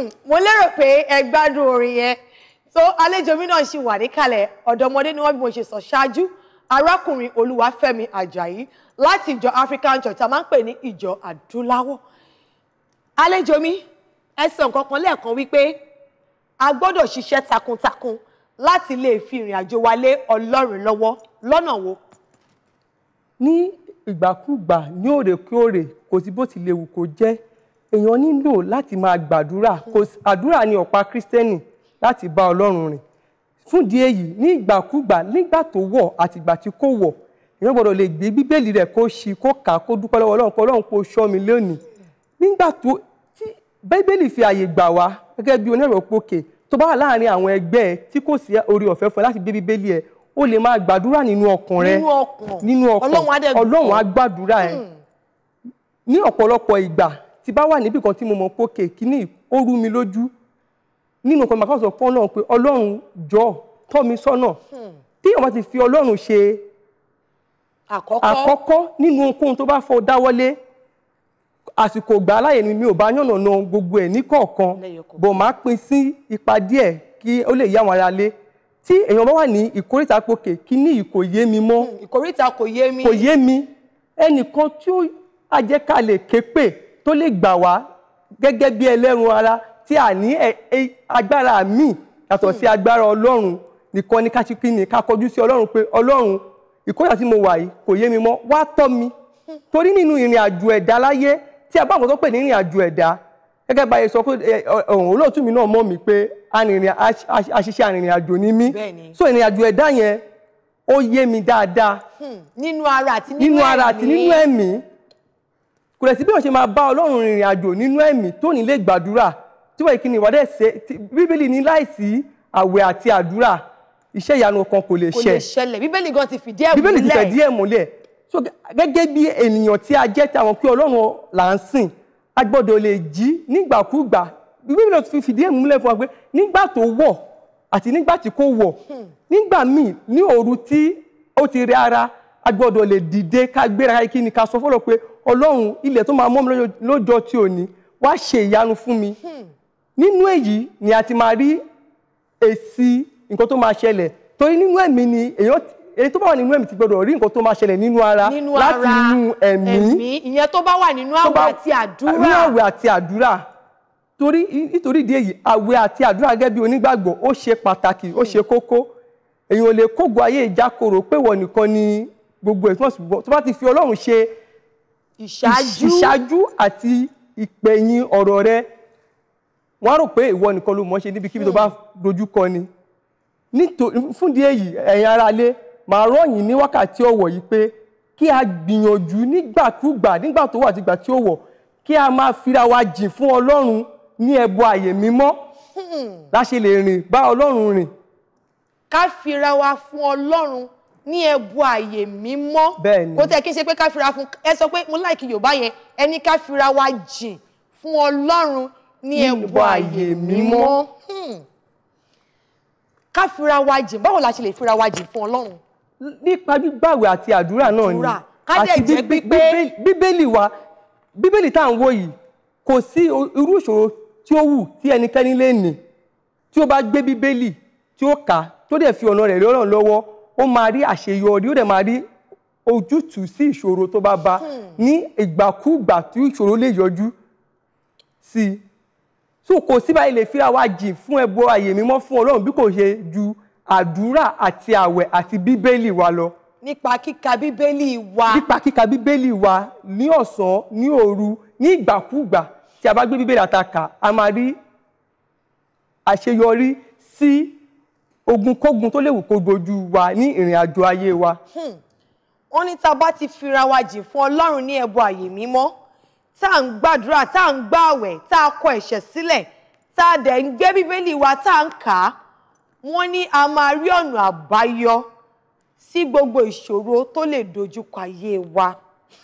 Hmm, mo lérò pé ẹ gbádùn orin yẹn tó àlejò mi náà ṣì wà níkàlẹ̀ ọ̀dọ́mọdé ni wọ́n bí mo ṣe sọ ṣáájú arákùnrin olúwafẹ́mi ajayi láti ìjọ african church a máa ń pè ní ìjọ adúláwọ̀ àlejò mi ẹ sọ nǹkan kan lẹ́ẹ̀kan wípé a gbọ́dọ̀ ṣiṣẹ́ takuntakun láti lè fi ìrìn àjò wa lé ọlọ́run lọ́wọ́ lọ́nà wo. ní ìgbàkúgbà ní òrèkóòrè kò sí bó ti léwu kó jẹ́ èèyàn nílò láti máa gbàdúrà àdúrà ni ọ̀pá kírísítẹ́nì láti bá ọlọ́run rìn fún di èyí ní ìgbàkúgbà nígbà tó wọ̀ àtìgbà tí kò wọ̀ èèyàn gbọ́dọ̀ lè gbé bíbélì rẹ̀ kó ṣí kó kà kó dúpẹ́ lọ́wọ́ ọlọ́run kó ọlọ́run kó ṣọ́ mi lónìí nígbà tó tí bíbélì fi àyè gbà wá gẹ́gẹ́ bí onírọ̀ pókè tó bá wà láàrin àwọn ẹgbẹ́ ẹ tí kò sí orí ọ̀fẹ́ fún ẹ láti gbé bíbélì ẹ o lè máa gbàdúrà nínú ọkàn rẹ nínú ọkàn ọlọ́run á gbàdúrà ẹ hmm. ní ọ̀pọ̀lọpọ̀ ìgbà tí bá wà níbì kan tí mo mọ̀ pé òkè kíní ó rú mi lójú nínú nǹkan màkà sọ fún ọlọ́run pé ọlọ́run jọ tọ́ mi sọ́nà hmm. téèyàn bá ti fi ọlọ́run ṣe àkọ́kọ́ nínú ohunkóhun tó bá fọ dáwọ́lé àsìkò gbà láyè ni mi ò bá yànnà na gbogbo ẹ̀ ní kọ̀ọ̀kan bò máa pín sí ipa díẹ̀ kí ó lè yá wọn ara lé tí èèyàn bá wà ní ìkórìtà pòkè kí ní ìkò yé mi mọ́ hmm, ìkórìtà kò yé mi kò yé mi ẹnìkan tí ó àjẹkálẹ̀ képè tó lè gbà wá gẹ́gẹ́ bí ẹlẹ́run ara tí a ní agbára míì yàtọ̀ sí hmm. agbára ọlọ́run nìkan ní káṣíkí ni ká kọjú sí ọlọ́run pé ọlọ́run ìkórìíra tí mo wà yìí kò yé mi mọ́ wá tọ́ mi hmm. torí nínú ìrìn àjò ẹ̀dá láyé tí a bá àwọn tó pè ní ìrìn àjò ẹ̀dá gẹ́gẹ́ báyìí sọ pé ọ̀hún olóòtú mi náà mọ̀ mí pé aṣiṣẹ́ arìnrìn àjò ni mí so ìrìn àjò ẹ̀dá yẹn ó yé mi dáadáa hmm. nínú ara àti nínú ẹ̀mí kò lè sí bí wọ́n ṣe máa bá ọlọ́run rìnrìn àjò nínú ẹ̀mí tó ní lè gbàdúrà tí wọ́n ìkíni ìwádẹ́ ṣe bíbélì ní láìsí àwẹ̀ àti àdúrà iṣẹ́ ìyanu kan kò lè ṣẹ. kò lè ṣẹlẹ̀ bíbélì gan ti fìdí ẹ̀ múlẹ̀ bíbélì ti fìdí ẹ̀ múlẹ̀ so gẹ́gẹ́ bí ènìyàn tí a jẹ́ táwọn pé ọlọ́run là ń sìn a gbọ́dọ̀ lè jí nígbàkúgbà bíbélì ti fìdí ẹ̀ múlẹ̀ fún wa pé nígbà tó wọ̀ àti nígbà tí kò wọ̀ hmm. nígbà míì ní òru tí ó ti rẹ ara a lè dìde ká gbéra kí ni ká sọ fọlọ́ pé ọlọ́run ilẹ̀ tó máa mọ́ mi lọ́jọ́ tí ò ní wá ṣe ìyanu fún mi hmm. nínú èyí ni a ti máa rí èsì nǹkan tó máa ṣẹlẹ̀ torí nínú ẹ̀mí ni èèyàn èyí tó bá wà nínú ẹ̀mí ti gbọdọ̀ rí nǹkan tó máa ṣẹlẹ̀ nínú ara láti inú ẹ̀mí ìyẹn tó bá wà nínú àwẹ̀ àti àdúrà nínú àwẹ̀ àti àdúrà torí nítorí ìdí èyí àwẹ̀ àti àdúrà gẹ́gẹ́ bí onígbàgbọ́ ó ṣe pàtàkì ó ṣe hmm. kókó èèyàn ò lè kógo ayé ìjákòrò pé wọ́n nìkan ni gbogbo ẹ̀ tó bá ti fi Ọlọ́run ṣe ìṣáájú ìṣáájú àti ìpẹ̀yìn ọ̀rọ̀ rẹ wọ́n á rò pé ìwọ nìkan ló mọ̀ ṣe níbikíbi tó bá hmm. dojú kọ ni fúndìí èyí ẹ̀yin aráalé màá rọ̀ yín ní wákàtí ọ̀wọ̀ yìí pé kí a gbìyànjú nígbàkúgbà nígbà tó wà àti ìgbà tí ó wọ̀ kí a máa fira wa jìn fún ọlọ́run ní ẹbọ àyè mímọ́ hmm. la ṣe lè rìn bá ọlọ́run rìn. ká fira wa fún ọlọ́run ní ẹbu àyè mímọ́ kò tẹ́ kí n ṣe pé ká fira fún ẹ sọ pé mo láìkí yorùbá yẹn ẹni ká fira wa jìn fún ọlọ́run ní ẹbu àyè mímọ́ hmm. ká wa jìn báwo la ṣe lè fira wa jìn fún ọlọ́run. nípa gbígbàwẹ̀ àti àdúrà náà ni àti bíbélì wa bíbélì tá à ń wò yìí kò sí irú ìṣòro tí ó wù tí ẹnikẹ́ni lè ní tí ó bá gbé bíbélì tí ó kà tó dẹ̀ fi ọ̀nà rẹ̀ lọ́rọ̀ lọ́wọ́ ó máa rí àṣeyọrí ó dẹ̀ máa rí ojútùú sí ìṣòro tó bá bá hmm. ní ìgbàkúgbà tí ìṣòro lè yọjú sí i so kò sí báyìí lè fira wá jìn fún ẹbọ àyè mímọ́ fún Ọlọ́run bí kò ṣe ju àdúrà àti àwẹ̀ àti bíbélì wa lọ. nípa kíka bíbélì wa. nípa kíka bíbélì wa ní ọ̀sán ní òru ní ìgbàkúgbà tí a bá gbé bíbélì àtàkà a máa rí àṣeyọrí sí ogunkógun tó lè wù kó gbojú wa ní ìrìn àjò ayé wa. Hmm. wọ́n ní tá a bá ti fira wa jìn fún ọlọ́run ní ẹbọ àyè mímọ́ tá à ń gbàdúrà tá à ń gbààwẹ̀ tá a kọ ẹ̀ṣẹ̀ sílẹ̀ tá a dẹ̀ ń gbé bíbélì wa tá à ń kà á wọ́n ní a máa rí ọ̀nà àbáyọ sí gbogbo ìṣòro tó lè dojúkọ ayé wa.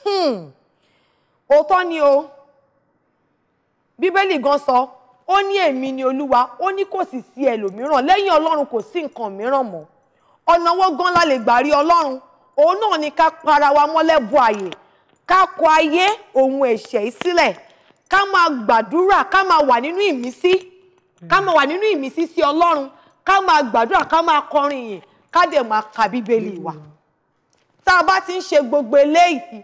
Hmm. òótọ́ ni o bíbélì gan sọ ó ní èmi ni olúwa ó ní kò sì sí ẹlòmíràn lẹ́yìn ọlọ́run kò sí nǹkan mìíràn mọ́ ọ̀nà wo gan la lè gbà rí ọlọ́run òun náà ni ká para wa mọ́lẹ́bù ààyè ká kọ ayé ohun ẹ̀ṣẹ̀ yìí sílẹ̀ ká máa gbàdúrà ká máa wà nínú ìmísí ká máa wà nínú ìmísí sí ọlọ́run ká máa gbàdúrà ká máa kọrin yìí ká dẹ̀ máa ka bíbélì wa tá a bá ti ń ṣe gbogbo eléyìí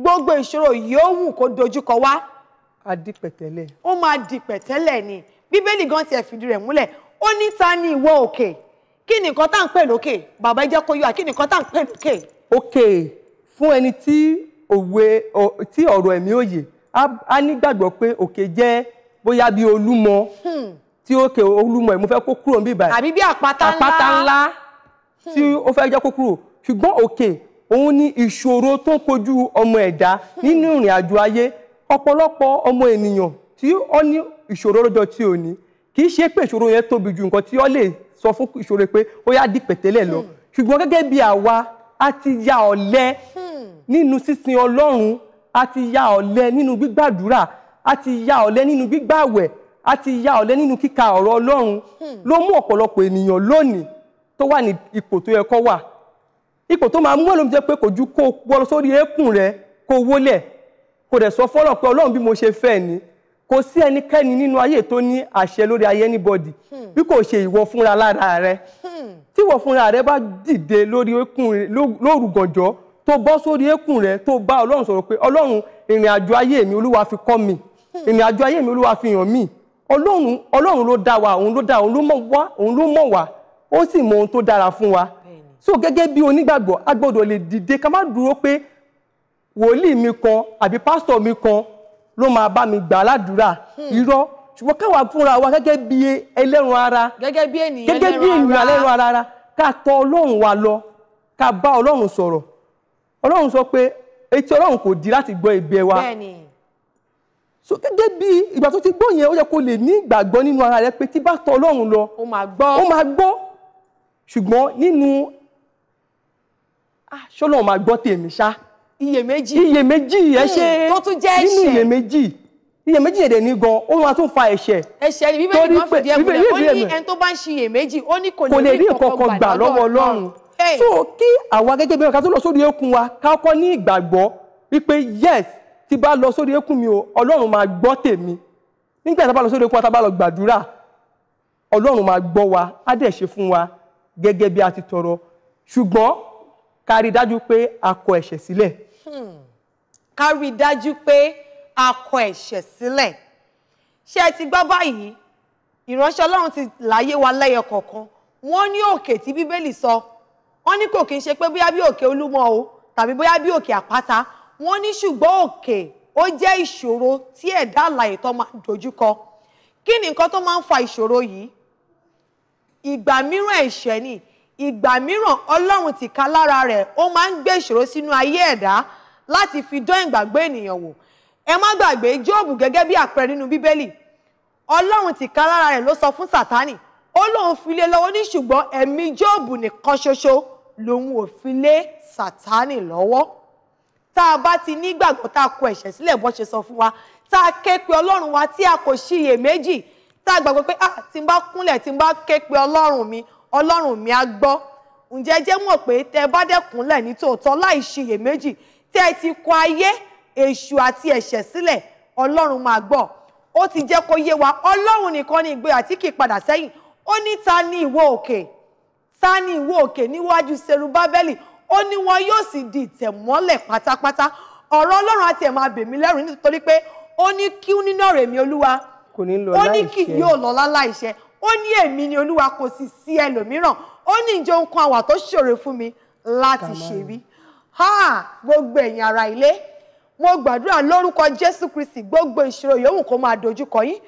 gbogbo ìṣòro yòówù kó dojúkọ wá a di pẹ̀tẹ́lẹ̀. ó máa di pẹ̀tẹ́lẹ̀ ni bíbélì gan tiẹ̀ fìdí rẹ̀ múlẹ̀ ó ní ta ni ìwọ òkè kí ni nǹkan tá à ń pè lókè bàbá ẹ jẹ́ kó yọ à kí ni nǹkan tá à ń pè lókè. òkè fún ẹni tí òwe tí ọ̀rọ̀ ẹ̀mí òye a nígbàgbọ́ pé òkè jẹ́ bóyá bíi olúmọ hmm. tí òkè olúmọ yìí mo fẹ́ kó kúrò níbí báyìí àbí bí àpáta ńlá àpáta ńlá hmm. tí ó fẹ́ jẹ́ kó kúrò ṣùgbọ́n òkè òun ni ìṣòro tó ń kojú ọmọ ẹ̀dá hmm. nínú ìrìn àjò ayé ọ̀pọ̀lọpọ̀ ọmọ ènìyàn tí ó ní ìṣòro lọ́jọ́ tí ò ní kì í ṣe pé ìṣòro yẹn tóbi ju nǹkan tí ó lè sọ fún ìṣòro pé ó yá di pẹ̀tẹ́lẹ̀ lọ ṣùgbọ́n gẹ́gẹ́ bí àwa a ti ya ọ̀lẹ nínú sísin Ọlọ́run a ti ya ọ̀lẹ nínú gbígbàdúrà a ti ya ọ̀lẹ nínú gbígbàwẹ̀ a ti ya ọ̀lẹ nínú kíka ọ̀rọ̀ Ọlọ́run ló mú ọ̀pọ̀lọpọ̀ ènìyàn lónìí tó wà ní ipò tó yẹ kó wà ipò tó máa mú ẹlòmíjẹ pé kò ju kó wọ sórí eékún rẹ kó wólẹ̀ kò dẹ̀ sọ fọ́lọ̀ pé ọlọ́run bí mo ṣe fẹ́ ni kò sí ẹnikẹ́ni nínú ayé tó ní àṣẹ lórí ayé anybody hmm. bí kò ṣe ìwọ fúnra lára rẹ hmm. tí ìwọ fúnra rẹ bá dìde lórí eékún rẹ lóru gànjọ́ tó bọ́ sórí eékún rẹ tó bá ọlọ́run sọ̀rọ̀ pé ọlọ́run ìrìn àjò ayé mi olúwa fi kọ́ mi hmm. ìrìn àjò ayé mi olúwa fi hàn mí ọlọ́run ọlọ́run ló dá wa òun ló dá òun ló mọ̀ wá òun ló mọ̀ wá ó sì mọ ohun tó dára fún wa so gẹ́gẹ́ bí onígbàgbọ́ a gbọ́dọ̀ lè dìde ká má dúró pé wòlíì mi kan àbí pásítọ̀ mi kan ló máa bá mi gbà ládùúrà hmm. irọ́ ṣùgbọ́n káwa fúnra wa gẹ́gẹ́ bí ẹlẹ́run ara gẹ́gẹ́ bí ènìyàn ẹlẹ́run ara ká tọ̀ ọlọ́run wa lọ ká bá ọlọ́run sọ̀rọ̀ ọlọ́run sọ pé etí ọlọ́run kò di láti gbọ́ ẹ̀bẹ̀ wa so gẹ́gẹ́ bí ìgbà tó ti gbọ́ yẹn ó yẹ kó lè ní ìgbàgbọ́ nínú ara rẹ pé tí bá tọ̀ ọlọ́run lọ ó máa gbọ́ ṣùgbọ́n nínú ah, ṣọlọ́run máa gbọ́ tèmi ṣáá iyèméjì iyèméjì yẹn hmm, ṣe nínú iyèméjì iyèméjì yẹn dẹ̀ ní gan ó máa tún fa ẹ̀ṣẹ̀. ẹ̀ṣẹ̀ ni bíbélì kan fìdí ẹ̀kúnlẹ̀ ó ní ẹni tó bá ń ṣe iyèméjì ó ní kò lè rí kankan gbà lọ́wọ́ Ọlọ́run hmm, so kí àwa gẹ́gẹ́ bí ọ̀ka tó lọ sórí ẹkùn wa ká kọ́ ní ìgbàgbọ́ wípé yes tí bá lọ sórí ẹkùn mi o Ọlọ́run máa gbọ́ tèmi nígbà tá a bá lọ sórí ẹkùn wa tá a bá lọ gbàdúrà Ọlọ́run máa gbọ́ wa á dẹ̀ ṣe fún wa gẹ́gẹ́ bí a ti tọrọ ṣùgbọ́n ká rí dájú pé a kọ ẹ̀ṣẹ̀ sílẹ̀ ká rí i dájú pé a kọ ẹ̀ṣẹ̀ sílẹ̀ ṣé ẹ ti gbọ́ báyìí ìránṣẹ́ ọlọ́run ti láyé wa lẹ́yọ kọ̀ọ̀kan wọ́n ní òkè tí bíbélì sọ wọ́n ní kò kí n ṣe pé bóyá bí òkè olúmọ o tàbí bóyá bí òkè àpáta wọ́n ní ṣùgbọ́n òkè ó jẹ́ ìṣòro tí ẹ̀dá àlàyé tó máa dojúkọ kí ni nǹkan tó máa ń fa ìṣòro yìí ìgbà mìíràn ẹ̀ṣẹ̀ ni ìgbà mìíràn ọlọ́run tìkálára rẹ̀ ó máa ń gbé ìṣòro sínú ayé ẹ̀dá láti fi dán ìgbàgbé ènìyàn wò ẹ má gbàgbé jóòbù gẹ́gẹ́ bí àpẹẹrẹ nínú bíbélì ọlọ́run tìka lára rẹ̀ ló sọ fún sátánì ó lóun fi lé lọ́wọ́ ní ṣùgbọ́n ẹ̀mí jóòbù nìkan ṣoṣo lòun ò fi lé sátánì lọ́wọ́ tá a bá ti nígbàgbọ́ tá a kọ ẹ̀ṣẹ̀ sílẹ̀ bọ́ ṣe sọ fún wa tá a ké pe ọlọ́run wa tí a kò ṣiyèméjì tá a gbàgbọ́ pé ah tí n bá kúnlẹ̀ tí n bá ké pe ọlọ́run mi ọlọ́run mi á gbọ́ ǹjẹ́ jẹ́ mọ̀ pé tẹ́ bá dẹ̀kúnlẹ̀ ní tòótọ́ láì ṣiyèméjì tẹ́ ẹ ti kọ ayé èṣù àti ẹ̀ṣẹ̀ sílẹ̀ ọlọ́run máa gbọ́ ó ti jẹ́ kó yé wa ọlọ́run nìkan ni ìgbéyà tí kì í padà sẹ́yìn ó ní ta ni ìwọ òkè ta ni ìwọ òkè níwájú serubábẹ́lì ó ní wọn yóò sì di ìtẹ̀mọ́lẹ̀ pátápátá ọ̀rọ̀ ọlọ́run àti ẹ̀ máa bèmí lẹ́rù nítorí pé ó ní kí nínú ọ̀rọ̀ èmi olúwa kò ní lọ láìṣẹ ó ní kì yóò lọ láláìṣẹ ó ní èmi ni olúwa kò sì sí ẹlòmíràn ó ní ìjọ nǹkan àwà tó ṣòro fún mi láti ṣe rí gbogbo ẹ̀yin ara ilé mo gbàdúrà lórúkọ jésù kristi gbogbo ìṣòro yòówù kó máa dojúkọ yín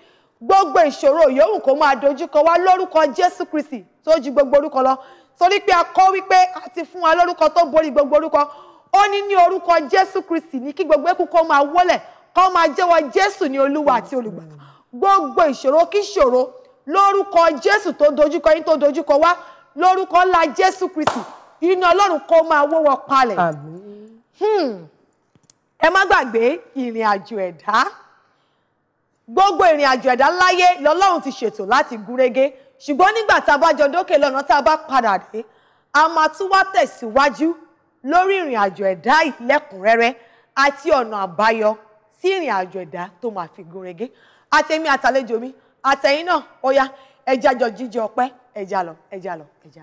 gbogbo ìṣòro yòówù kó máa dojúkọ wá lórúkọ jésù kristi tó ju gbogbo orúkọ lọ torí pé a kọ́ wípé a ti fún wa lórúkọ tó borí gbogbo orúkọ ó ní ní orúkọ jésù kristi ní kí gbogbo ẹkún kó máa wọlẹ̀ kó máa jẹ́wọ́ jésù ní olúwa àti olùgbàlà gbogbo ìṣòro kí ìṣòro lórúkọ jésù tó dojúkọ yín tó dojúkọ wá lórúkọ ńlá jésù kristi iná ọlọ́run kó máa wó wọn palẹ̀ hmm. ẹ má gbàgbé ìrìn àjò ẹ̀dá gbogbo ìrìn àjò ẹ̀dá láyé lọ́lọ́run ti ṣètò láti gúnrégé ṣùgbọ́n nígbà tá a bá jọ dókè lọ́nà tá a bá padà dé a máa tún wá tẹ̀síwájú lórí ìrìn àjò ẹ̀dá ìlẹ́kùnrẹ́rẹ́ àti ọ̀nà àbáyọ sí ìrìn àjò ẹ̀dá tó máa fi gúnrégé àtẹ̀mí àtàlejò mi àtẹ̀yìn náà ó yá jọ jíjẹ ọpẹ́ ẹja lọ ẹja lọ ẹja lọ.